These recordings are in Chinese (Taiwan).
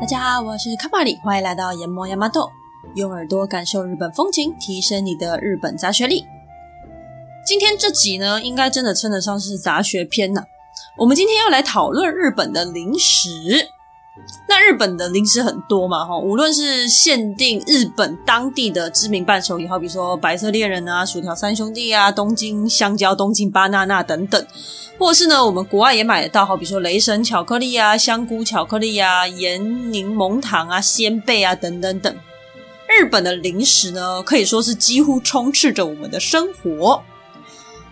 大家好，我是卡巴里，歡迎來到研磨牙麻豆，用耳朵感受日本風情，提升你的日本雜學力。今天這集呢，應該真的稱得上是雜學篇呢、啊、我們今天要來討論日本的零食。那日本的零食很多嘛，哈，無論是限定日本當地的知名伴手禮，哈，比如說白色戀人啊、薯條三兄弟啊、東京香蕉、東京巴娜娜等等，或是呢，我們國外也買得到，好比說雷神巧克力啊、香菇巧克力啊、鹽檸檬糖啊、仙貝啊等等等。日本的零食呢，可以說是幾乎充斥着我們的生活。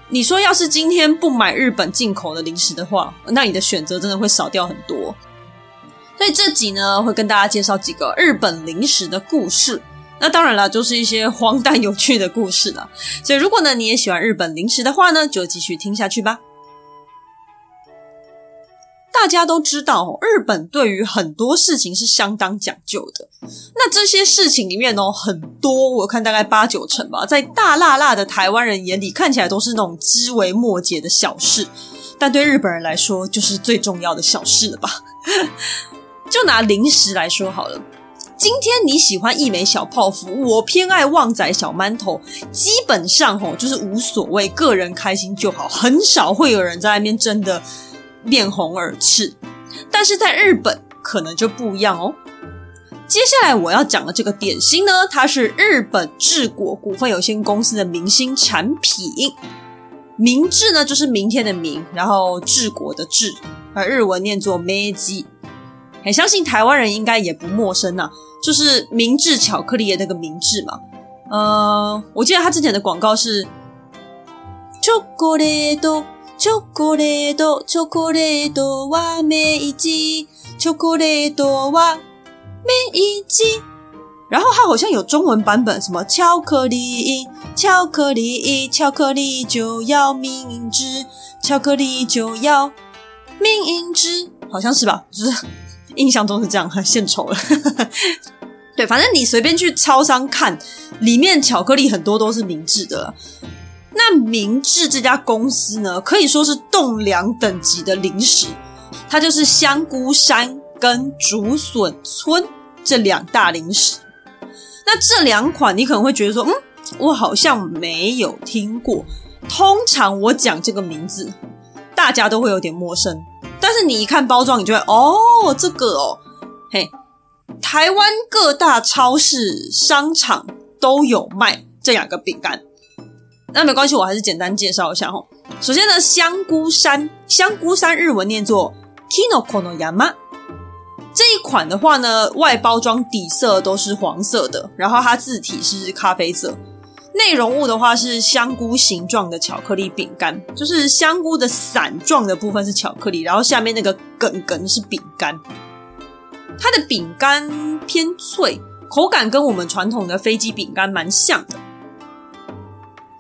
你說，要是今天不買日本進口的零食的話，那你的選擇真的會少掉很多。所以這集呢，會跟大家介紹幾個日本零食的故事。那當然了，就是一些荒誕有趣的故事了。所以如果呢，你也喜歡日本零食的話呢，就繼續聽下去吧。大家都知道哦，日本對於很多事情是相當講究的。那這些事情裡面呢，哦，很多我看大概八九成吧，在大辣辣的台灣人眼裡看起來都是那種枝微末節的小事，但對日本人來說，就是最重要的小事了吧。 就拿零食來說好了，今天你喜歡義美小泡芙，我偏愛旺仔小饅頭，基本上吼就是無所謂，個人開心就好，很少會有人在那邊爭的面紅耳赤。但是在日本可能就不一樣哦。接下來我要講的這個點心呢，它是日本治國股份有限公司的明星產品，明治呢就是明天的明，然後治國的治，而日文念作美吉。很、欸、相信台灣人應該也不陌生吶、啊，就是明治巧克力的那個明治嘛。呃，我記得他之前的廣告是 chocolate chocolate chocolate”，哇，每一季，chocolate 哇，每一季。然後他好像有中文版本，什麼巧克力，巧克力，巧克力就要明治，巧克力就要明治，好像是吧？就是。 印象中是這樣，很獻醜了。 對，反正你隨便去超商看，裡面巧克力很多都是明治的。那明治這家公司呢，可以說是棟樑等級的零食，它就是香菇山跟竹筍村這兩大零食。那這兩款，你可能會覺得說，嗯，我好像沒有聽過。通常我講這個名字，大家都會有點陌生。但是你一看包裝，你就會哦，這個哦，嘿，台灣各大超市、商場都有賣這兩個餅乾。那沒關係，我還是簡單介紹一下吼。首先呢，香菇山，香菇山日文念作 Kinoko no Yama。這一款的話呢，外包裝底色都是黃色的，然後它字體是咖啡色。內容物的話是香菇形狀的巧克力餅乾，就是香菇的傘狀的部分是巧克力，然後下面那個梗梗是餅乾。它的餅乾偏脆，口感跟我們傳統的飛機餅乾蠻像的。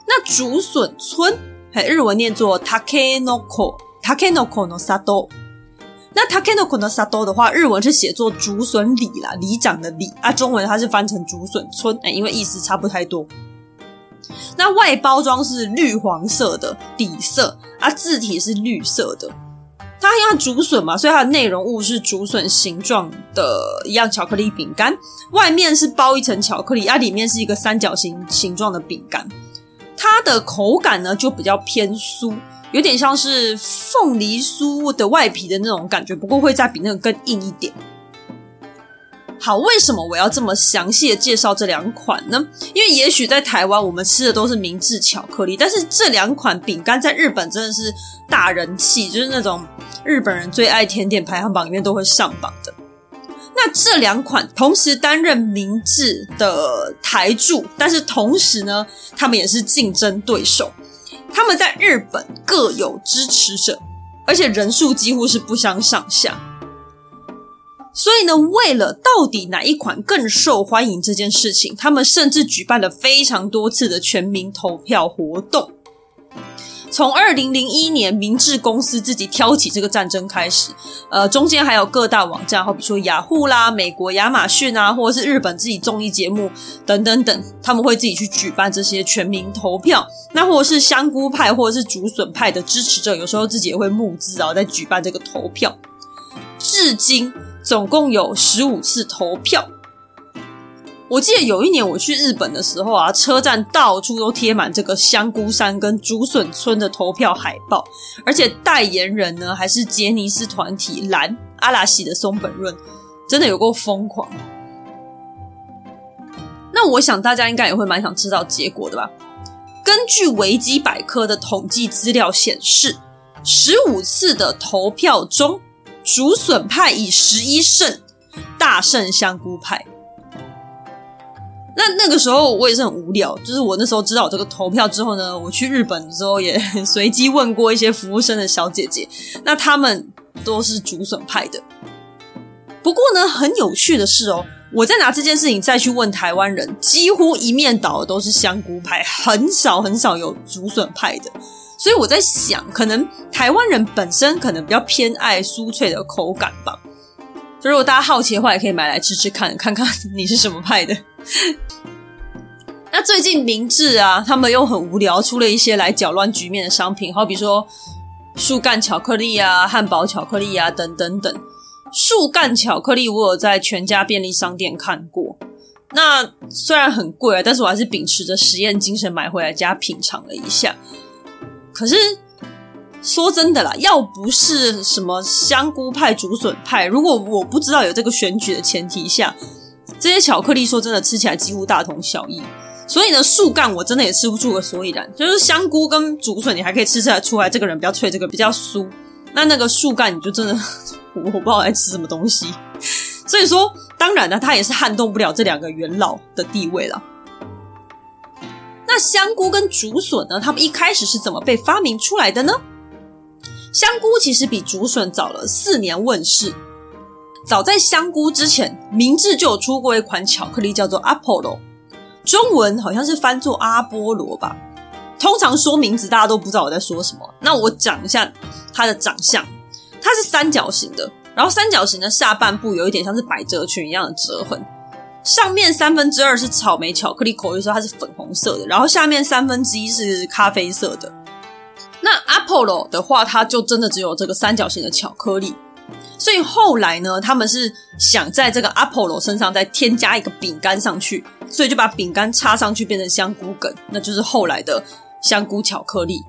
那竹筍村，嘿，日文念做 takenoko，takenoko no sato。那 takenoko no sato 的話，日文是寫作竹筍裡啦，里長的里。啊，中文它是翻成竹筍村，欸，因為意思差不太多。那外包裝是綠黃色的底色，啊，字體是綠色的。它因為它竹筍嘛，所以它的內容物是竹筍形狀的一樣巧克力餅乾，外面是包一層巧克力，啊，裡面是一個三角形形狀的餅乾。它的口感呢就比較偏酥，有點像是鳳梨酥的外皮的那種感覺，不過會再比那個更硬一點。好，為什麼我要這麼詳細的介紹這兩款呢？因為也許在台灣我們吃的都是明治巧克力，但是這兩款餅乾在日本真的是大人氣，就是那種日本人最愛甜點排行榜裡面都會上榜的。那這兩款同時擔任明治的台柱，但是同時呢，他們也是競爭對手。他們在日本各有支持者，而且人數幾乎是不相上下。所以呢，為了到底哪一款更受歡迎這件事情，他們甚至舉辦了非常多次的全民投票活動。從二零零一年明治公司自己挑起這個戰爭開始，呃，中間還有各大網站，好比說雅虎啦、美國亞馬遜啊，或者是日本自己綜藝節目等等等，他們會自己去舉辦這些全民投票。那或者是香菇派，或者是竹筍派的支持者，有時候自己也會募資啊，然後在舉辦這個投票，至今。總共有十五次投票。我記得有一年我去日本的時候啊，車站到處都貼滿這個香菇山跟竹筍村的投票海報，而且代言人呢還是傑尼斯團體嵐阿拉西的松本潤，真的有夠瘋狂。那我想大家應該也會蠻想知道結果的吧？根據維基百科的統計資料顯示，十五次的投票中，竹筍派以十一勝大勝香菇派。那那個時候我也是很無聊，就是我那時候知道這個投票之後呢，我去日本之後也隨機問過一些服務生的小姐姐，那他們都是竹筍派的。不過呢，很有趣的是哦、喔，我在拿這件事情再去問台灣人，幾乎一面倒的都是香菇派，很少很少有竹筍派的。所以我在想，可能台灣人本身可能比較偏愛酥脆的口感吧。所以如果大家好奇的話，也可以買來吃吃看，看看你是什麼派的。 那最近明治啊，他們又很無聊出了一些來攪亂局面的商品，好比說樹幹巧克力啊、漢堡巧克力啊等等等。樹幹巧克力我有在全家便利商店看過，那雖然很貴，但是我還是秉持着實驗精神買回來家品嘗了一下。可是說真的啦，要不是什麼香菇派、竹筍派，如果我不知道有這個選舉的前提下，這些巧克力說真的吃起來幾乎大同小異。所以呢，樹幹我真的也吃不出個所以然。就是香菇跟竹筍，你還可以吃出來，出來這個人比較脆，這個比較酥。那那個樹幹，你就真的我，我不知道愛吃什麼東西。所以說，當然呢，它也是撼動不了這兩個元老的地位啦。那香菇跟竹筍呢？它們一開始是怎麼被發明出來的呢？香菇其實比竹筍早了四年問世。早在香菇之前，明治就有出過一款巧克力，叫做 Apollo。中文好像是翻作阿波羅吧。通常說名字，大家都不知道我在說什麼。那我講一下它的長相，它是三角形的，然後三角形的下半部有一點像是百褶裙一樣的折痕。上面三分之二是草莓巧克力口味，就是說它是粉紅色的，然後下面三分之一是咖啡色的。那 Apollo 的話，它就真的只有這個三角形的巧克力。所以後來呢，他們是想在這個 Apollo 身上再添加一個餅乾上去，所以就把餅乾插上去變成香菇梗，那就是後來的香菇巧克力。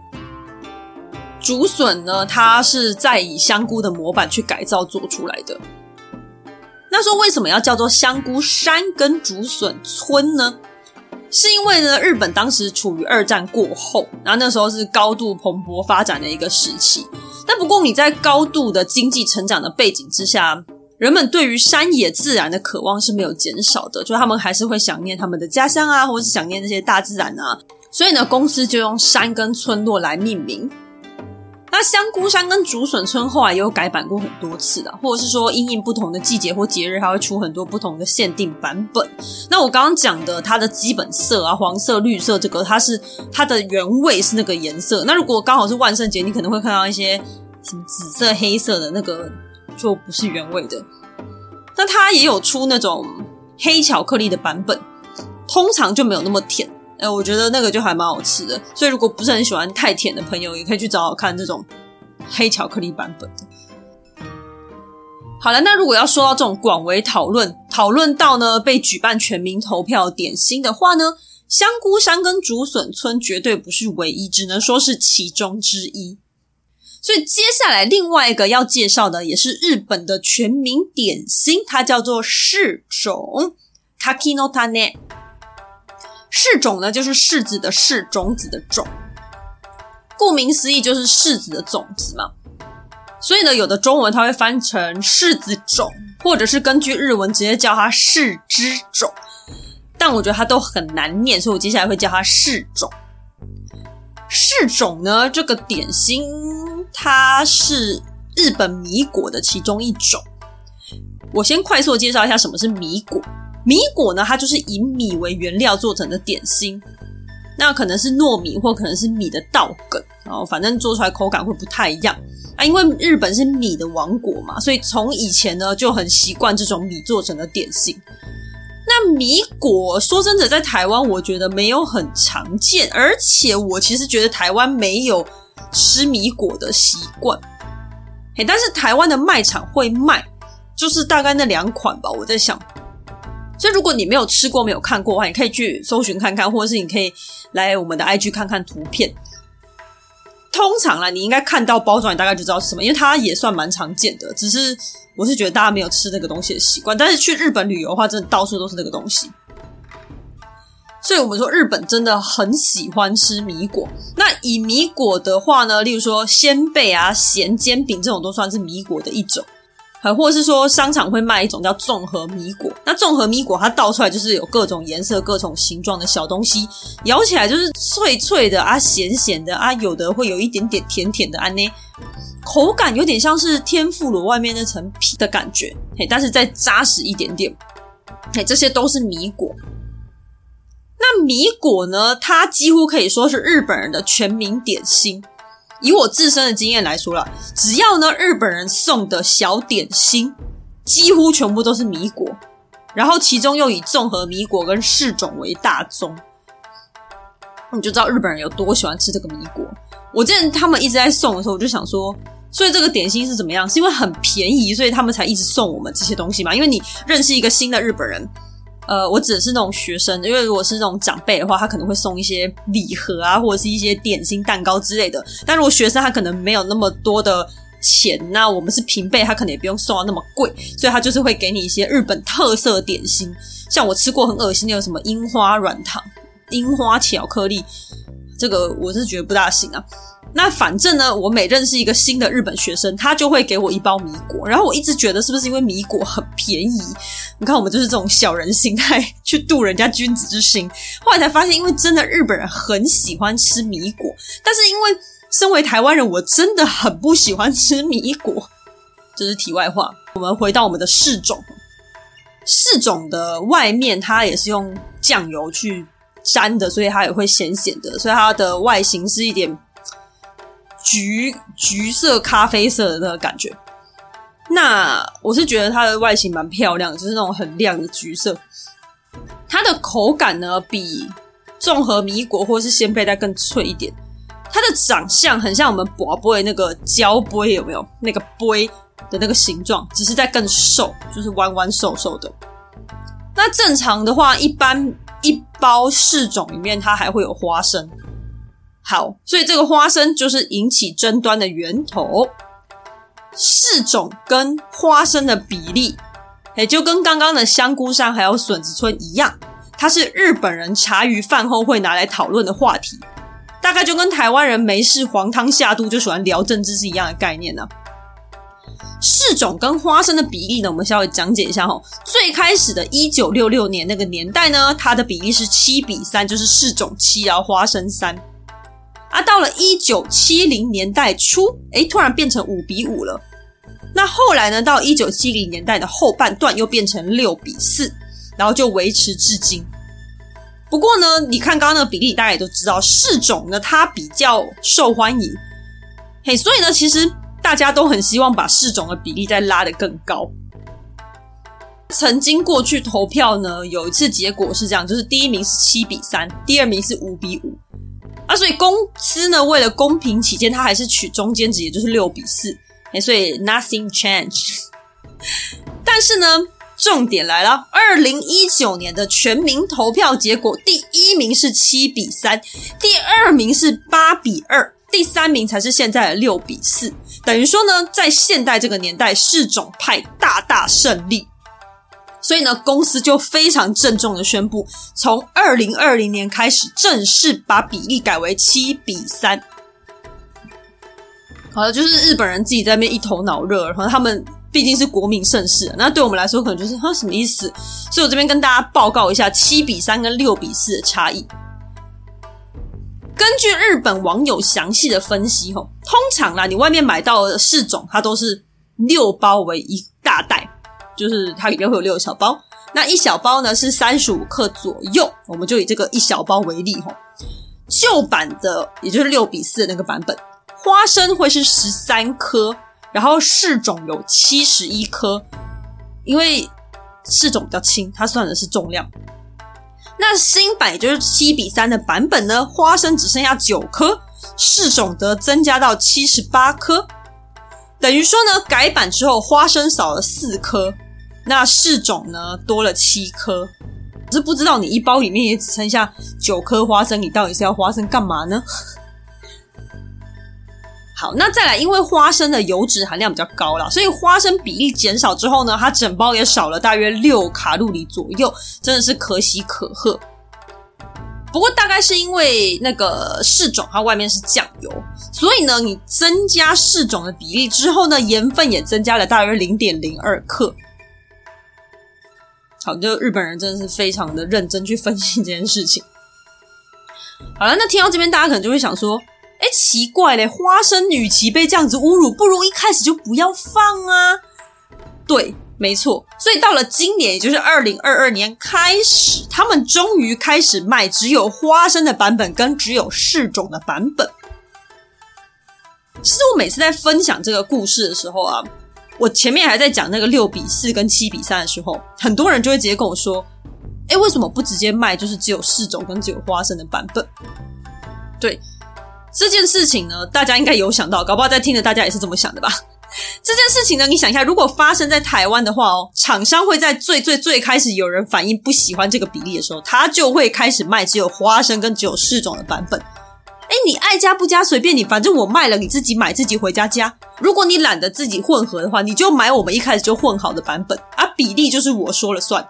竹筍呢，它是在以香菇的模板去改造做出來的。那說為什麼要叫做香菇山跟竹筍村呢？是因為呢日本當時處於二戰過後，然後那時候是高度蓬勃發展的一個時期。但不過你在高度的經濟成長的背景之下，人們對於山野自然的渴望是沒有減少的，就他們還是會想念他們的家鄉啊，或是想念那些大自然啊。所以呢，公司就用山跟村落來命名。那香菇山跟竹筍村後來也有改版過很多次的，或者是說，因應不同的季節或節日，它會出很多不同的限定版本。那我剛剛講的，它的基本色啊，黃色、綠色，這個它是它的原味是那個顏色。那如果剛好是萬聖節，你可能會看到一些什麼紫色、黑色的那個，就不是原味的。那它也有出那種黑巧克力的版本，通常就沒有那麼甜。哎、欸，我覺得那個就還蠻好吃的，所以如果不是很喜歡太甜的朋友，也可以去找找看這種黑巧克力版本的。好了，那如果要說到這種廣為討論、討論到呢被舉辦全民投票點心的話呢，香菇山跟竹筍村絕對不是唯一，只能說是其中之一。所以接下來另外一個要介紹的也是日本的全民點心，它叫做種柿種 （kaki no tane）。柿種呢，就是柿子的柿，種子的種，顧名思義就是柿子的種子嘛。所以呢，有的中文它會翻成柿子種，或者是根據日文直接叫它柿之種。但我覺得它都很難唸，所以我接下來會叫它柿種。柿種呢，這個點心它是日本米果的其中一種。我先快速介紹一下什麼是米果。米果呢，它就是以米為原料做成的點心，那可能是糯米，或可能是米的稻梗，哦。反正做出來口感會不太一樣啊。因為日本是米的王國嘛，所以從以前呢就很習慣這種米做成的點心。那米果說真的，在台灣我覺得沒有很常見，而且我其實覺得台灣沒有吃米果的習慣。嘿，但是台灣的賣場會賣，就是大概那兩款吧。我在想。所以，如果你沒有吃過、沒有看過的話，你可以去搜尋看看，或者是你可以來我們的 IG 看看圖片。通常啦，你應該看到包裝，你大概就知道是什麼，因為它也算蠻常見的。只是我是覺得大家沒有吃這個東西的習慣，但是去日本旅遊的話，真的到處都是這個東西。所以我們說，日本真的很喜歡吃米果。那以米果的話呢，例如說仙貝啊、鹹煎餅這種，都算是米果的一種。還或者是說商場會賣一種叫綜合米果，那綜合米果它倒出來就是有各種顏色、各種形狀的小東西，咬起來就是脆脆的啊，鹹咸的啊，有的會有一點點甜甜的啊呢，口感有點像是天婦羅外面那層皮的感覺，但是再扎實一點點，哎，這些都是米果。那米果呢，它幾乎可以說是日本人的全民點心。以我自身的經驗來說了，只要呢日本人送的小點心，幾乎全部都是米果，然後其中又以綜合米果跟柿種為大宗，你就知道日本人有多喜歡吃這個米果。我見他們一直在送的時候，我就想說，所以這個點心是怎麼樣？是因為很便宜，所以他們才一直送我們這些東西嘛？因為你認識一個新的日本人。呃，我指的是那種學生，因為如果是那種長輩的話，他可能會送一些禮盒啊，或者是一些點心、蛋糕之類的。但如果學生，他可能沒有那麼多的錢啊，那我們是平輩，他可能也不用送的那麼貴，所以他就是會給你一些日本特色點心，像我吃過很惡心那種什麼櫻花軟糖、櫻花巧克力，這個我是覺得不大行啊。那反正呢，我每認識一個新的日本學生，他就會給我一包米果，然後我一直覺得是不是因為米果很便宜？你看我們就是這種小人心態去度人家君子之心。後來才發現，因為真的日本人很喜歡吃米果，但是因為身為台灣人，我真的很不喜歡吃米果。這是題外話。我們回到我們的柿種，柿種的外面它也是用醬油去沾的，所以它也會鹹鹹的，所以它的外形是一點。橘橘色、咖啡色的那個感覺，那我是覺得它的外形蠻漂亮的，就是那種很亮的橘色。它的口感呢，比綜合米果或是鮮貝再更脆一點。它的長相很像我們薄的那個膠杯，有沒有？那個杯的那個形狀，只是在更瘦，就是彎彎瘦瘦的。那正常的話，一般一包柿種裡面，它還會有花生。好，所以這個花生就是引起爭端的源頭。柿種跟花生的比例，也就跟剛剛的香菇山還有筍子村一樣，它是日本人茶餘飯後會拿來討論的話題，大概就跟台灣人沒事黃湯下肚就喜歡聊政治是一樣的概念呢、啊。柿種跟花生的比例呢，我們稍微講解一下吼。最開始的1966年那個年代呢，它的比例是七比三，就是柿種七，然後花生三。他、啊、到了一九七零年代初，誒，突然變成五比五了。那後來呢？到一九七零年代的後半段又變成六比四，然後就維持至今。不過呢，你看剛剛的比例，大家也都知道，柿種呢，它比較受歡迎，嘿，所以呢，其實大家都很希望把柿種的比例再拉得更高。曾經過去投票呢，有一次結果是這樣，就是第一名是七比三，第二名是五比五。啊，所以公司呢，為了公平起見，他還是取中間值，也就是六比四。哎，所以 nothing change。但是呢，重點來了，二零一九年的全民投票結果，第一名是七比三，第二名是八比二，第三名才是現在的六比四。等於說呢，在現代這個年代，柿種派大大勝利。所以呢，公司就非常鄭重的宣布，從二零二零年開始正式把比例改為七比三。好了，就是日本人自己在那邊一頭腦熱，然後他們畢竟是國民盛世，那對我們來說可能就是，哼，什麼意思？所以我這邊跟大家報告一下七比三跟六比四的差異。根據日本網友詳細的分析，吼，通常啦，你外面買到的柿種，它都是六包為一大袋。就是它裡面會有六小包，那一小包呢，是三十五克左右，我們就以這個一小包為例哈、哦。舊版的也就是六比四的那個版本，花生會是十三顆，然後柿種有七十一顆，因為柿種比較輕，它算的是重量。那新版也就是七比三的版本呢，花生只剩下九顆，柿種則增加到七十八顆，等於說呢，改版之後花生少了四顆。那柿種呢多了七顆，只是不知道你一包裡面也只剩下九顆花生，你到底是要花生幹嘛呢？好，那再來，因為花生的油脂含量比較高啦，所以花生比例減少之後呢，它整包也少了大約六卡路里左右，真的是可喜可賀。不過大概是因為那個柿種它外面是醬油，所以呢，你增加柿種的比例之後呢，鹽分也增加了大約零點零二克。好，就日本人真的是非常的認真去分析這件事情。好了，那聽到這邊，大家可能就會想說，哎，奇怪嘞，花生與其被這樣子侮辱，不如一開始就不要放啊。對，沒錯。所以到了今年，也就是二零二二年開始，他們終於開始賣只有花生的版本，跟只有柿種的版本。其實我每次在分享這個故事的時候啊。我前面還在講那個六比四跟七比三的時候，很多人就會直接跟我說：“哎，為什麼不直接賣就是只有柿種跟只有花生的版本？”對。這件事情呢，大家應該有想到，搞不好在聽的大家也是這麼想的吧？這件事情呢，你想一下，如果發生在台灣的話哦，廠商會在最最最開始有人反映不喜歡這個比例的時候，他就會開始賣只有花生跟只有柿種的版本。哎，你愛加不加隨便你，反正我賣了，你自己買自己回家加。如果你懶得自己混合的話，你就買我們一開始就混好的版本，而、啊、比例就是我說了算。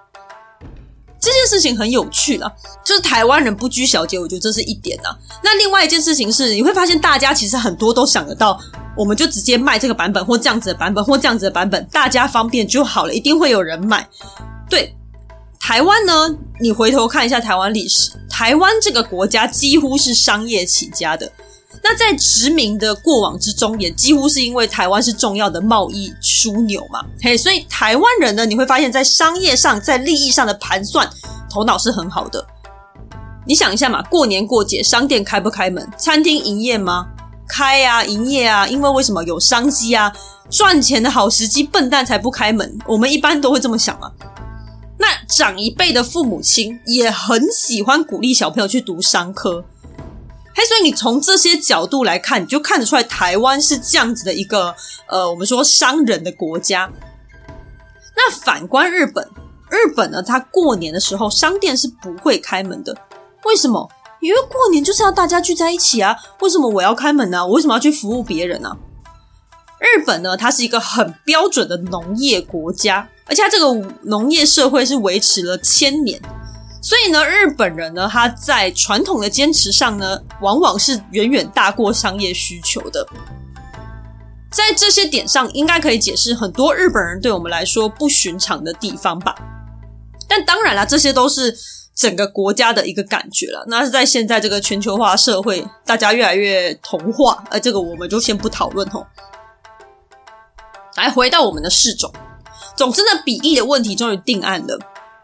這件事情很有趣了，就是台灣人不拘小節，我覺得這是一點啊。那另外一件事情是，你會發現大家其實很多都想得到，我們就直接賣這個版本或這樣子的版本或這樣子的版本，大家方便就好了，一定會有人買，對。台灣呢，你回頭看一下台灣歷史，台灣這個國家幾乎是商業起家的。那在殖民的過往之中，也幾乎是因為台灣是重要的貿易樞紐嘛。嘿，所以台灣人呢，你會發現在商業上、在利益上的盤算，頭腦是很好的。你想一下嘛，過年過節，商店開不開門？餐廳營業嗎？開呀、啊，營業啊，因為為什麼有商機啊？賺錢的好時機，笨蛋才不開門。我們一般都會這麼想嘛、啊。那長一輩的父母親也很喜歡鼓勵小朋友去讀商科，嘿，所以你從這些角度來看，你就看得出來台灣是這樣子的一個呃，我們說商人的國家。那反觀日本，日本呢，它過年的時候商店是不會開門的。為什麼？因為過年就是要大家聚在一起啊。為什麼我要開門呢？我為什麼要去服務別人呢？日本呢，它是一個很標準的農業國家。而且它這個農業社會是維持了千年，所以呢，日本人呢他在傳統的堅持上呢，往往是遠遠大過商業需求的。在這些點上，應該可以解釋很多日本人對我們來說不尋常的地方吧。但當然了，這些都是整個國家的一個感覺了。那是在現在這個全球化社會，大家越來越同化，呃，這個我們就先不討論吼。來，回到我們的柿種。總之，那比例的問題終於定案了。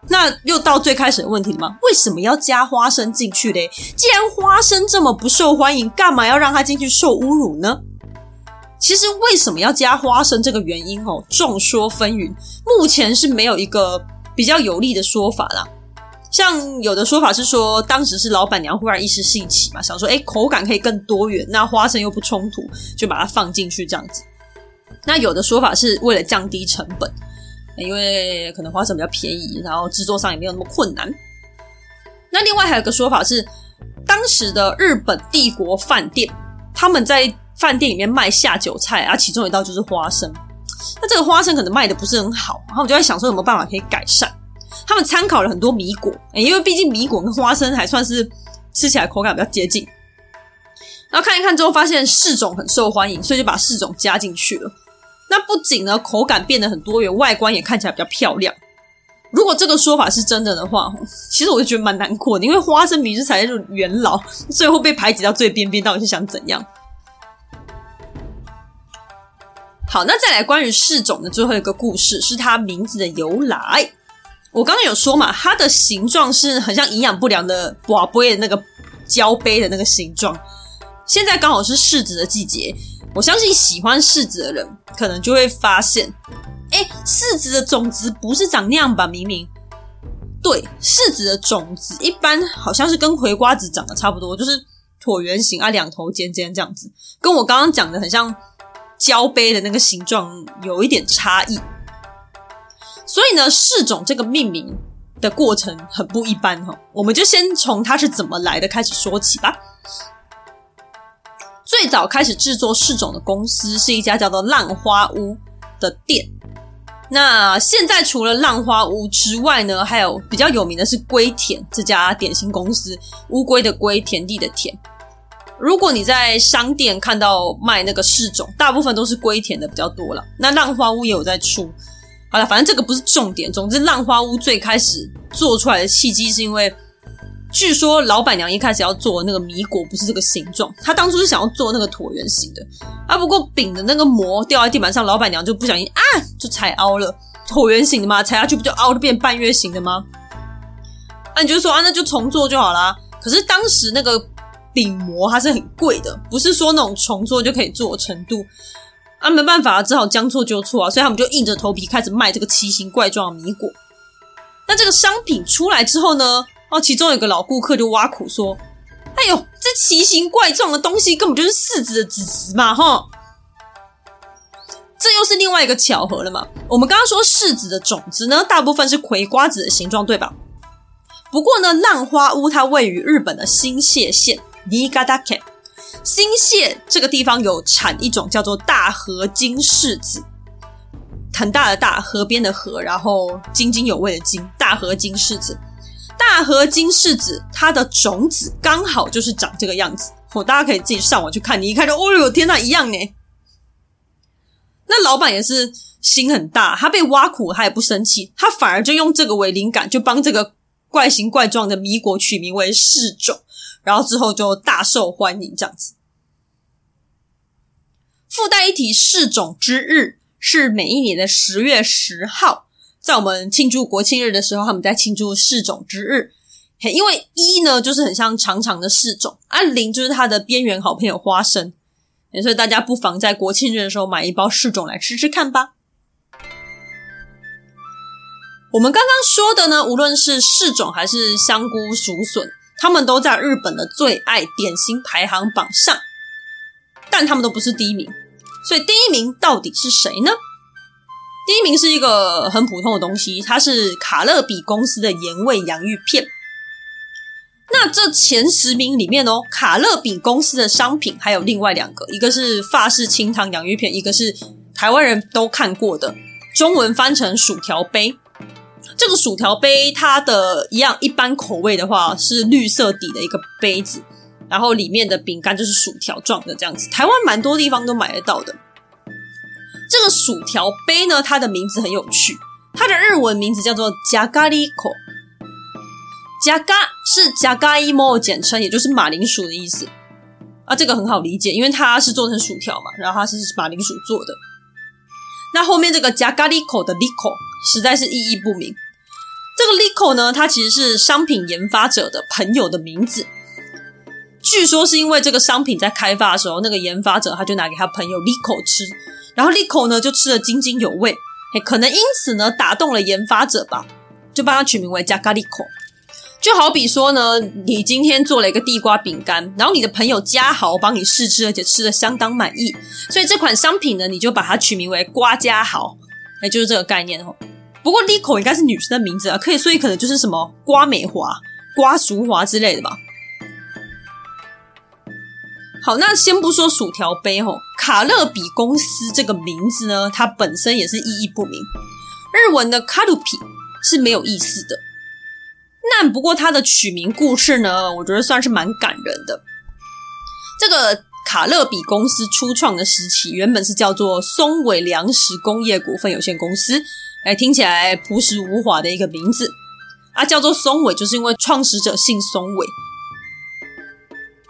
那又到最開始的問題了嗎？為什麼要加花生進去嘞？既然花生這麼不受歡迎，幹嘛要讓它進去受侮辱呢？其實，為什麼要加花生這個原因哦，眾說紛紜，目前是沒有一個比較有利的說法啦。像有的說法是說，當時是老板娘忽然一時興起嘛，想說，哎、欸，口感可以更多元，那花生又不衝突，就把它放進去這樣子。那有的說法是為了降低成本。因為可能花生比較便宜，然後製作上也沒有那麼困難。那另外還有個說法是，當時的日本帝國飯店，他們在飯店裡面賣下酒菜，啊，其中一道就是花生。那這個花生可能賣的不是很好，然後我就在想說有沒有辦法可以改善。他們參考了很多米果，因為畢竟米果跟花生還算是吃起來口感比較接近。然後看一看之後，發現柿種很受歡迎，所以就把柿種加進去了。那不僅呢，口感變得很多元，外觀也看起來比較漂亮。如果這個說法是真的的話，其實我就覺得蠻難過的，因為花生米是才是元老，最後被排擠到最邊邊，到底是想怎樣？好，那再來關於柿種的最後一個故事，是它名字的由來。我剛剛有說嘛，它的形狀是很像營養不良的瓦杯的那個膠杯的那個形狀。現在剛好是柿子的季節。我相信喜歡柿子的人，可能就會發現，哎，柿子的種子不是長那樣吧？明明，對，柿子的種子一般好像是跟葵瓜子長得差不多，就是橢圓形啊，兩頭尖尖這樣子，跟我剛剛講的很像膠杯的那個形狀有一點差異。所以呢，柿種這個命名的過程很不一般哈，我們就先從它是怎麼來的開始說起吧。最早開始制作試種的公司是一家叫做浪花屋的店。那現在除了浪花屋之外呢，還有比較有名的是龜田這家典型公司，烏龜的龜，田地的田。如果你在商店看到賣那個試種，大部分都是龜田的比較多了。那浪花屋也有在出。好了，反正這個不是重點。總之，浪花屋最開始做出來的契機是因為。據說老闆娘一開始要做的那個米果，不是這個形狀。她當初是想要做那個橢圓形的啊。不過餅的那個模掉在地板上，老闆娘就不小心啊，就踩凹了。橢圓形的嘛，踩下去不就凹的變半月形的嗎？啊，你就說啊，那就重做就好啦。可是當時那個餅模它是很貴的，不是說那種重做就可以做的程度。啊，沒辦法，啊，只好將錯就錯啊。所以他們就硬着頭皮開始賣這個奇形怪狀的米果。那這個商品出來之後呢？其中有個老顧客就挖苦說：“哎呦，這奇形怪狀的東西根本就是柿子的籽籽嘛，哈！這又是另外一個巧合了嘛。我們剛剛說柿子的種子呢，大部分是葵瓜子的形狀，對吧？不過呢，浪花屋它位於日本的新瀉縣尼嘎達縣，新瀉這個地方有產一種叫做大河津柿子，很大的大河邊的河，然後津津有味的津大河津柿子。”大和金柿子，它的種子剛好就是長這個樣子，哦、大家可以自己上網去看。你一看就，哦喲，天哪，一樣呢！那老闆也是心很大，他被挖苦他也不生氣，他反而就用這個為靈感，就幫這個怪形怪狀的米果取名為柿種，然後之後就大受歡迎，這樣子。附帶一提，柿種之日是每一年的十月十號。在我們慶祝國慶日的時候，他們在慶祝柿種之日，因為一呢就是很像長長的柿種，而、啊、零就是它的邊緣好朋友花生，所以大家不妨在國慶日的時候買一包柿種來吃吃看吧。 我們剛剛說的呢，無論是柿種還是香菇、竹筍，他們都在日本的最愛點心排行榜上，但他們都不是第一名，所以第一名到底是誰呢？第一名是一個很普通的東西，它是卡樂比公司的鹽味洋芋片。那這前十名裡面哦，卡樂比公司的商品還有另外兩個，一個是法式清湯洋芋片，一個是台灣人都看過的，中文翻成薯條杯。這個薯條杯它的一樣，一般口味的話是綠色底的一個杯子，然後裡面的餅乾就是薯條狀的這樣子，台灣蠻多地方都買得到的。這個薯條杯呢，它的名字很有趣，它的日文名字叫做ジャガリコ。ジャガ是ジャガイモ簡稱，也就是馬鈴薯的意思。啊，這個很好理解，因為它是做成薯條嘛，然後它是馬鈴薯做的。那後面這個ジャガリコ的リコ實在是意義不明。這個リコ呢，它其實是商品研發者的朋友的名字。據說是因為這個商品在開發的時候，那個研發者他就拿給他朋友リコ吃。然後利口呢就吃的津津有味誒，可能因此呢打動了研發者吧，就把它取名為加咖利口。就好比說呢，你今天做了一個地瓜餅乾，然後你的朋友嘉豪幫你試吃，而且吃的相當滿意，所以這款商品呢你就把它取名為瓜嘉豪，哎就是這個概念哦。不過利口應該是女生的名字啊，可以所以可能就是什麼瓜美華、瓜熟華之類的吧。好，那先不說薯條杯吼，卡樂比公司這個名字呢，它本身也是意義不明。日文的卡魯比是沒有意思的。那不過它的取名故事呢，我覺得算是蠻感人的。這個卡樂比公司初創的時期，原本是叫做松尾糧食工業股份有限公司，哎，聽起來樸實無華的一個名字啊，叫做松尾，就是因為創始者姓松尾。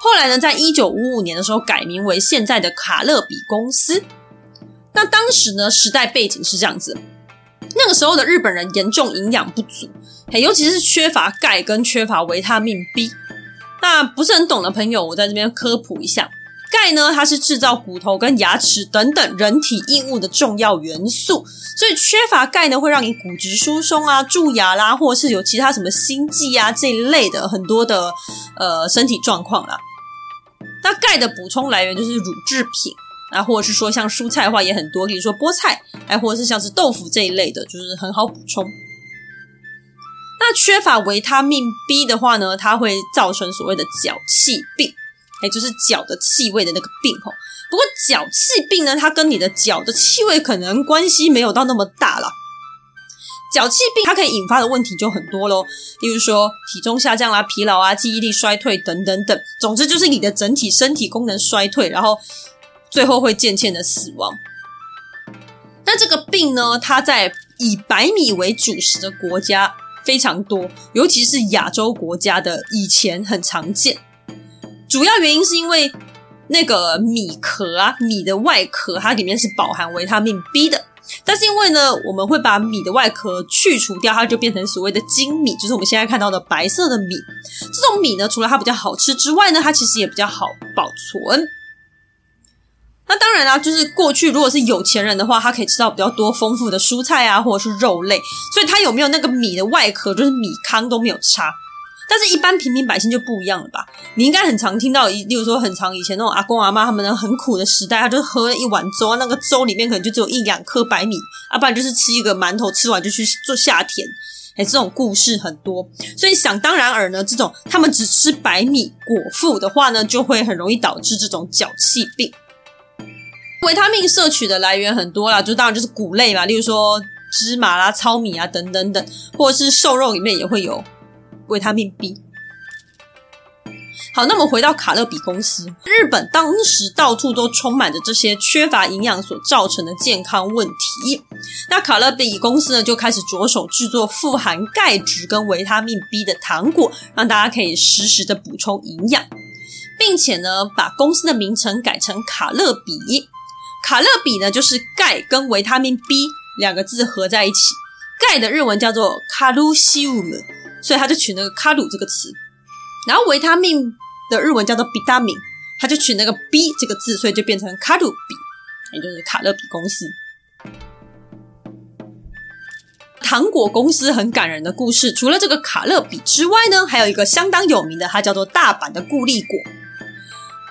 後來呢，在一九五五年的時候改名為現在的卡樂比公司。那當時呢，時代背景是這樣子：那個時候的日本人嚴重營養不足，尤其是缺乏鈣跟缺乏維他命 B。那不是很懂的朋友，我在這邊科普一下：鈣呢，它是制造骨頭跟牙齒等等人體硬物的重要元素，所以缺乏鈣呢，會讓你骨質疏鬆啊、蛀牙啦，或者是有其他什麼心悸啊這一類的很多的呃身體狀況啦。那鈣的補充來源就是乳製品啊，或者是說像蔬菜的話也很多，比如說菠菜，啊，或者是像是豆腐這一類的，就是很好補充。那缺乏維他命 B 的話呢，它會造成所謂的腳氣病，誒、哎，就是腳的氣味的那個病吼、哦。不過腳氣病呢，它跟你的腳的氣味可能關係沒有到那麼大啦。腳氣病它可以引發的問題就很多咯，例如說體重下降啦、啊、疲勞啊、記憶力衰退等等等。總之就是你的整體身體功能衰退，然後最後會漸漸的死亡。那這個病呢，它在以白米為主食的國家非常多，尤其是亞洲國家的以前很常見。主要原因是因為那個米殼啊，米的外殼，它裡面是飽含維他命 B 的。但是因為呢，我們會把米的外殼去除掉，它就變成所謂的精米，就是我們現在看到的白色的米。這種米呢，除了它比較好吃之外呢，它其實也比較好保存。那當然啦，就是過去如果是有錢人的話，他可以吃到比較多豐富的蔬菜啊，或者是肉類，所以它有沒有那個米的外殼，就是米糠都沒有差。但是，一般平民百姓就不一樣了吧？你應該很常聽到，例如說，很長以前那種阿公阿媽他們的很苦的時代，他就喝了一碗粥，那個粥裡面可能就只有一兩顆白米，啊，不然就是吃一個饅頭，吃完就去做下田。哎，這種故事很多，所以想當然耳呢，這種他們只吃白米果腹的話呢，就會很容易導致這種腳氣病。維他命攝取的來源很多啦，就當然就是穀類嘛，例如說芝麻啦、啊、糙米啊等等等，或者是瘦肉裡面也會有。維他命 B。好，那麼回到卡勒比公司，日本當時到處都充滿着這些缺乏營養所造成的健康問題，那卡勒比公司呢就開始着手製作富含鈣質跟維他命 B 的糖果，讓大家可以實時的補充營養，並且呢把公司的名稱改成卡勒比。卡勒比呢就是鈣跟維他命 B 兩個字合在一起，鈣的日文叫做卡路西姆所以他就取那個“卡魯”這個詞，然後維他命的日文叫做“比他命”，他就取那個“ B” 這個字，所以就變成卡魯比，也就是卡樂比公司。糖果公司很感人的故事，除了這個卡樂比之外呢，還有一個相當有名的，它叫做大阪的固力果。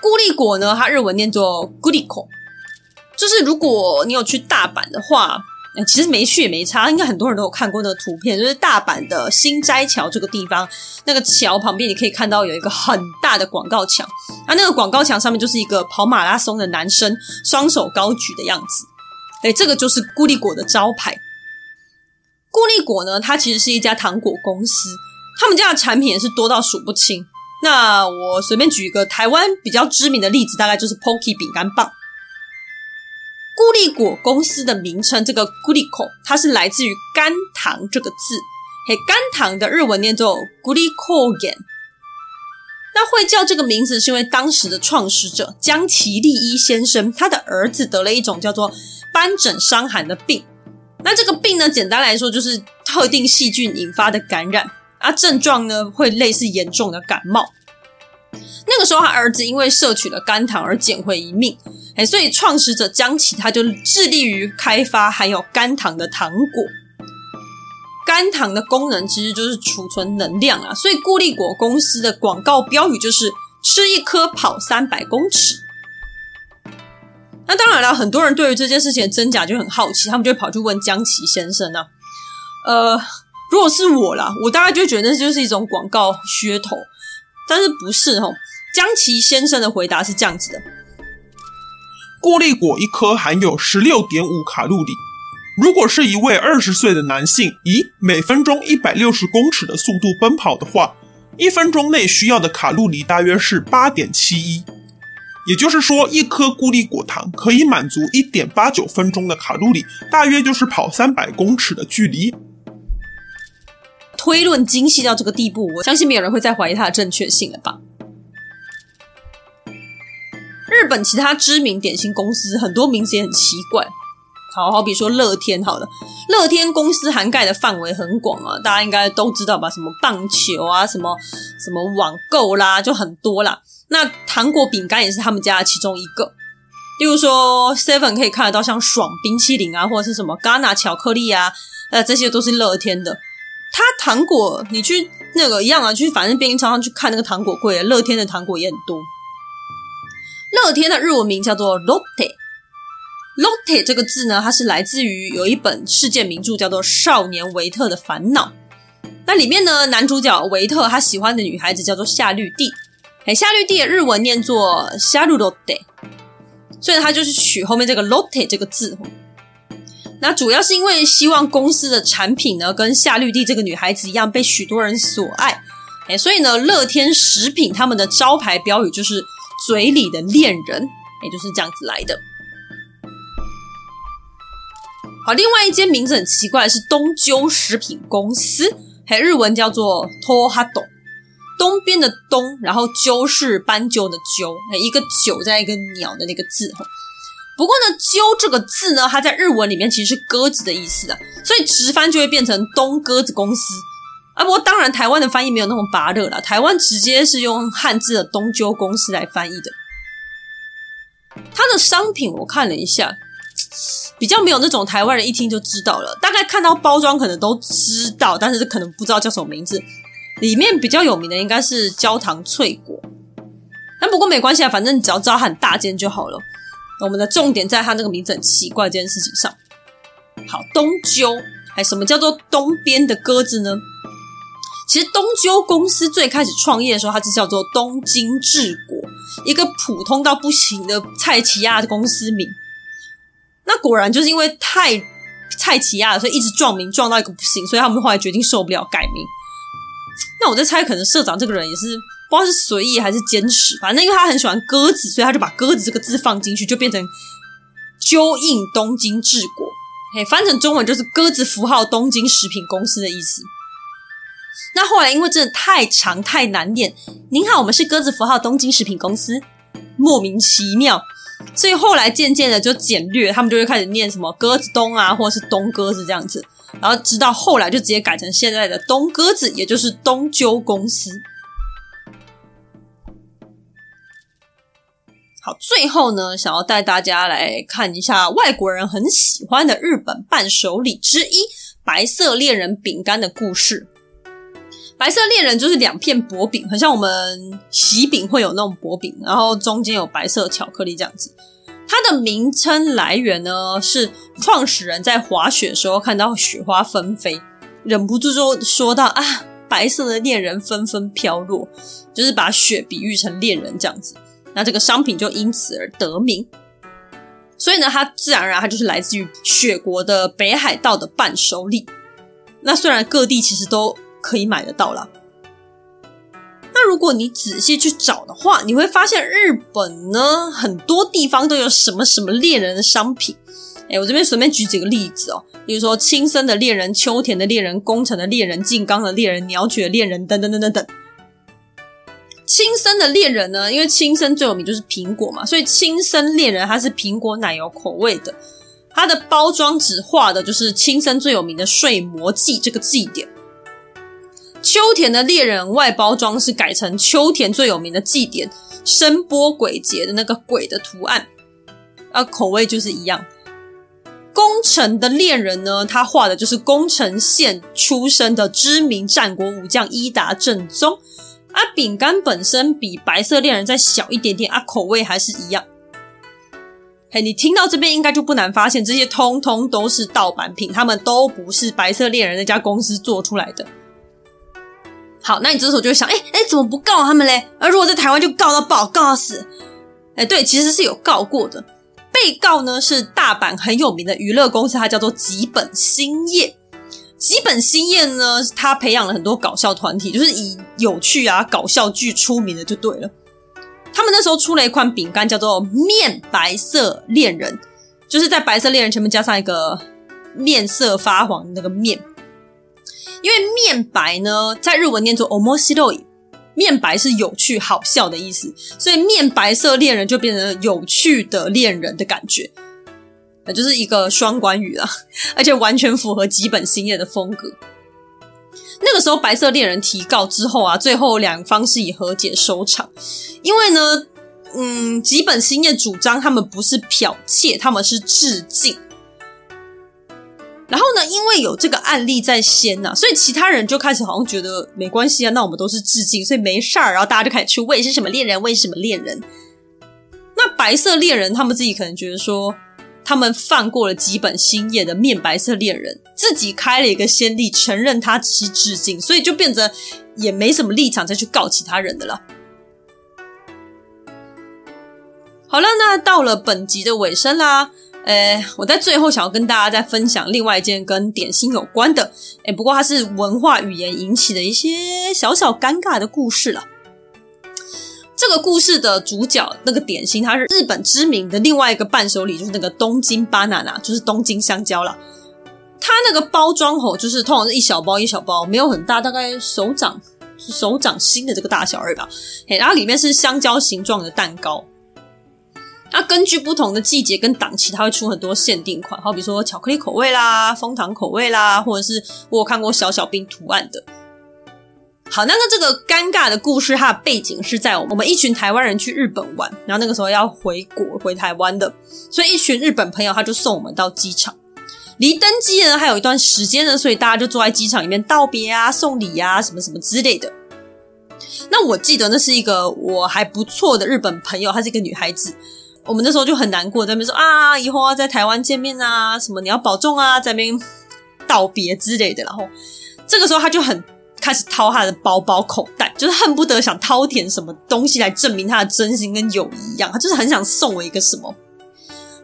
固力果呢，它日文念作 “Guriko”，就是如果你有去大阪的話。其實沒去也沒差，應該很多人都有看過那個圖片，就是大阪的心齋橋這個地方，那個橋旁邊你可以看到有一個很大的廣告牆，那、啊、那個廣告牆上面就是一個跑馬拉松的男生雙手高舉的樣子，哎、欸，這個就是固力果的招牌。固力果呢，它其實是一家糖果公司，他們家的產品也是多到數不清。那我隨便舉一個台灣比較知名的例子，大概就是 Pocky 餅乾棒。固力果公司的名稱，這個固力果，它是來自於肝糖這個字，嘿，肝糖的日文念作固力果根。那會叫這個名字，是因為當時的創始者江崎利一先生，他的兒子得了一種叫做斑疹傷寒的病。那這個病呢，簡單來說就是特定細菌引發的感染，啊，症狀呢會類似嚴重的感冒。那個時候，他兒子因為攝取了肝糖而撿回一命，哎，所以創始者江崎，他就致力於開發含有肝糖的糖果。肝糖的功能其實就是儲存能量啊，所以固力果公司的廣告標語就是“吃一顆跑三百公尺”。那當然了，很多人對於這件事情的真假就很好奇，他們就會跑去問江崎先生呢、啊。呃，如果是我啦，我大概就會覺得那就是一種廣告噱頭。但是不是吼，江崎先生的回答是這樣子的。固力果一顆含有十六點五卡路里。如果是一位二十歲的男性以每分鐘一百六十公尺的速度奔跑的話，一分鐘內需要的卡路里大約是八點七一。也就是說，一顆固力果糖可以滿足一點八九分鐘的卡路里，大約就是跑三百公尺的距離。推論精細到這個地步，我相信沒有人會再懷疑它的正確性了吧？日本其他知名點心公司，很多名字也很奇怪。好好比說樂天，好了，樂天公司涵蓋的範圍很廣啊，大家應該都知道吧？什麼棒球啊、，什麼什麼網購啦，就很多啦。那糖果餅乾也是他們家的其中一個。例如說 Seven 可以看得到像爽冰淇淋啊，或者是什麼 Ghana 巧克力啊，呃這些都是樂天的。他糖果，你去那個一樣啊，去反正便利超商去看那個糖果櫃，樂天的糖果也很多。樂天的日文名叫做 Lotte，Lotte 這個字呢，它是來自於有一本世界名著叫做《少年維特的煩惱》。那裡面呢，男主角維特他喜歡的女孩子叫做夏綠蒂，哎，夏綠蒂的日文念作 Charlotte。所以他就是取後面這個 Lotte 這個字。那主要是因為希望公司的產品呢，跟夏綠蒂這個女孩子一樣被許多人所愛、哎，所以呢，樂天食品他們的招牌標語就是“嘴裡的戀人”，也、哎、就是這樣子來的。好，另外一間名字很奇怪，是東鳩食品公司，還、哎、日文叫做 Tohato，東邊的東，然後鳩是斑鳩的鳩、哎，一個九在一個鳥的那個字不過呢，鳩這個字呢，它在日文裡面其實是鴿子的意思啊，所以直翻就會變成東鴿子公司。啊，不過當然台灣的翻譯沒有那麼拔熱了，台灣直接是用漢字的東鳩公司來翻譯的。它的商品我看了一下，比較沒有那種台灣人一聽就知道了，大概看到包裝可能都知道，但是可能不知道叫什麼名字。裡面比較有名的應該是焦糖脆果，但不過沒關係啊，反正你只要知道它很大間就好了。我們的重點在他那個名字很奇怪這件事情上。好，東鳩，欸，什麼叫做東邊的鴿子呢？其實東鳩公司最開始創業的時候，它就叫做東京製菓，一個普通到不行的菜市仔的公司名。那果然就是因為太菜市仔，所以一直撞名撞到一個不行，所以他們後來決定受不了改名。那我在猜，可能社長這個人也是。不知道是隨意還是堅持，反正因為他很喜歡鴿子，所以他就把“鴿子”這個字放進去，就變成“鳩印東京製菓。嘿，hey, 翻成中文就是“鴿子符號東京食品公司的意思”。那後來因為真的太長太難念，“您好，我們是鴿子符號東京食品公司”，莫名其妙，所以後來漸漸的就簡略，他們就會開始念什麼“鴿子東”啊，或者是“東鴿子”這樣子。然後直到後來就直接改成現在的“東鴿子”，也就是“東鳩公司”。好，最後呢，想要帶大家來看一下外國人很喜歡的日本伴手禮之一——白色戀人餅乾的故事。白色戀人就是兩片薄餅，很像我們喜餅會有那種薄餅，然後中間有白色巧克力這樣子。它的名稱來源呢，是創始人在滑雪的時候看到雪花紛飛，忍不住就說到：“啊，白色的戀人紛紛飄落，就是把雪比喻成戀人這樣子。”那這個商品就因此而得名，所以呢，它自然而然它就是來自於雪國的北海道的伴手禮。那雖然各地其實都可以買得到啦。那如果你仔細去找的話，你會發現日本呢很多地方都有什麼什麼戀人的商品。誒，我這邊隨便舉幾個例子哦，比如說青森的戀人、秋田的戀人、宮城的戀人、靜岡的戀人、鳥取戀人等等等等等。青森的戀人呢？因為青森最有名就是蘋果嘛，所以青森戀人它是蘋果奶油口味的。它的包裝紙畫的就是青森最有名的睡魔祭這個祭典。秋田的戀人外包裝是改成秋田最有名的祭典，生剝鬼節的那個鬼的圖案，啊，口味就是一樣。宮城的戀人呢，他畫的就是宮城縣出身的知名戰國武將伊達正宗。啊，餅乾本身比白色戀人再小一點點啊，口味還是一樣。嘿，你聽到這邊應該就不難發現，這些通通都是盜版品，他們都不是白色戀人那家公司做出來的。好，那你這時候就會想，哎、欸、誒、欸、怎麼不告他們嘞？而、啊、如果在台灣就告到爆，那不好告到死。哎、欸，對，其實是有告過的，被告呢是大阪很有名的娛樂公司，它叫做吉本興業。基本吉本興業呢，他培養了很多搞笑團體，就是以有趣啊、搞笑劇出名的，就對了。他們那時候出了一款餅乾，叫做“面白色戀人”，就是在“白色戀人”前面加上一個面色發黃的那個“面”，因為“面白”呢，在日文念作 omoshiroi，“ 面白”是有趣、好笑的意思，所以“面白色戀人”就變成了有趣的戀人的感覺。那就是一個雙關語啦，而且完全符合吉本興業的風格。那個時候，白色戀人提告之後啊，最後兩方是以和解收場。因為呢，嗯，吉本興業主張他們不是剽竊，他們是致敬。然後呢，因為有這個案例在先啊，所以其他人就開始好像覺得沒關係啊，那我們都是致敬，所以沒事兒。然後大家就開始去問是什麼戀人，問什麼戀人。那白色戀人他們自己可能覺得說。他們放過了吉本興業的面白色戀人，自己開了一個先例，承認他只是致敬，所以就變得也沒什麼立場再去告其他人的了。好了，那到了本集的尾聲啦，誒，我在最後想要跟大家再分享另外一件跟點心有關的，誒，不過它是文化語言引起的一些小小尷尬的故事了。這個故事的主角那個點心，它是日本知名的另外一個伴手禮，就是那個東京巴娜娜就是東京香蕉了。它那個包裝吼，就是通常是一小包一小包，沒有很大，大概手掌手掌心的這個大小而已吧？嘿，然後裡面是香蕉形狀的蛋糕。它根據不同的季節跟檔期，它會出很多限定款，好比如說巧克力口味啦、楓糖口味啦，或者是我有看過小小兵圖案的。好，那個這個尷尬的故事，它的背景是在我們一群台灣人去日本玩，然後那個時候要回國回台灣的，所以一群日本朋友他就送我們到機場，離登機呢還有一段時間呢，所以大家就坐在機場裡面道別啊、送禮啊、什麼什麼之類的。那我記得那是一個我還不錯的日本朋友，她是一個女孩子，我們那時候就很難過，在那邊說啊，以後要在台灣見面啊，什麼你要保重啊，在那邊道別之類的。然後這個時候他就很。開始掏他的包包口袋，就是恨不得想掏點什麼東西來證明他的真心跟友誼一樣，他就是很想送我一個什麼。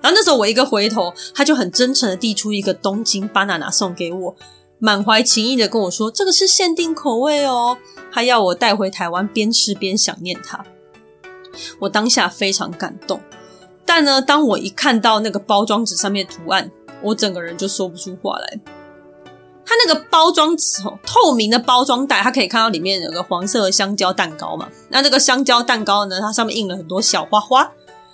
然後那時候我一個回頭，他就很真誠的遞出一個東京巴拿拿送給我，滿懷情意的跟我說：“這個是限定口味哦，他要我帶回台灣邊吃邊想念他。”我當下非常感動，但呢，當我一看到那個包裝紙上面的圖案，我整個人就說不出話來。它那個包裝紙哦，透明的包裝袋，它可以看到裡面有個黃色的香蕉蛋糕嘛。那這個香蕉蛋糕呢，它上面印了很多小花花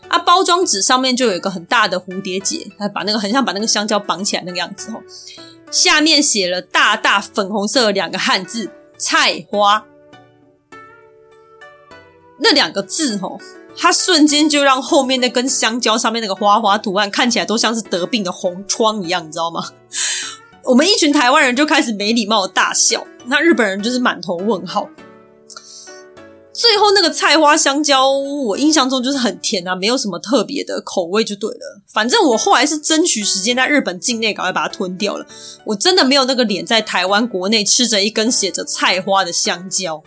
啊。包裝紙上面就有一個很大的蝴蝶結，它把那個很像把那個香蕉綁起來那個樣子哦。下面寫了大大粉紅色的兩個漢字“菜花”，那兩個字哦，它瞬間就讓後面那根香蕉上面那個花花圖案看起來都像是得病的紅瘡一樣，你知道嗎？我們一群台灣人就開始沒禮貌的大笑，那日本人就是滿頭問號。最後那個菜花香蕉，我印象中就是很甜啊，沒有什麼特別的口味就對了。反正我後來是爭取時間在日本境內趕快把它吞掉了。我真的沒有那個臉在台灣國內吃着一根寫着菜花的香蕉。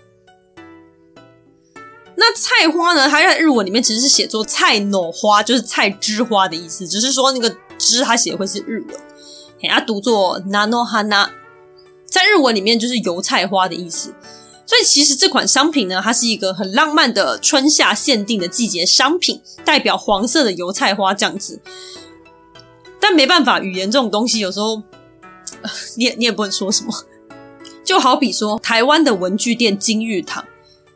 那菜花呢？它在日文裡面其實是寫作菜の花，就是菜枝花的意思，只是說那個枝它寫的會是日文。他、啊、讀作 “nanohana”，在日文裡面就是油菜花的意思。所以其實這款商品呢，它是一個很浪漫的春夏限定的季節商品，代表黃色的油菜花這樣子。但沒辦法，語言這種東西有時候，呃、你也你也不能說什麼。就好比說台灣的文具店金玉堂，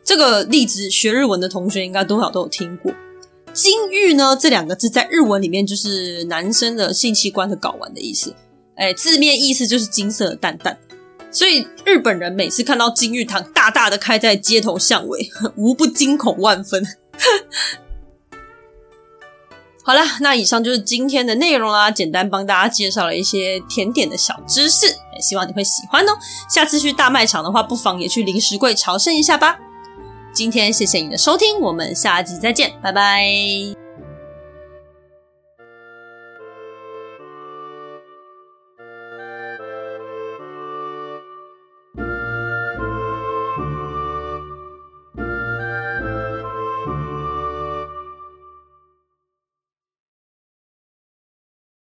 這個例子學日文的同學應該多少都有聽過。金玉呢這兩個字在日文裡面就是男生的性器官的睾丸的意思。誒，字面意思就是金色的蛋蛋，所以日本人每次看到金玉堂大大的開在街頭巷尾，無不驚恐萬分。 好啦，那以上就是今天的內容啦，簡單幫大家介紹了一些甜點的小知識，也希望你會喜歡哦。下次去大賣場的話，不妨也去零食櫃朝聖一下吧。今天謝謝你的收聽，我們下集再見，拜拜。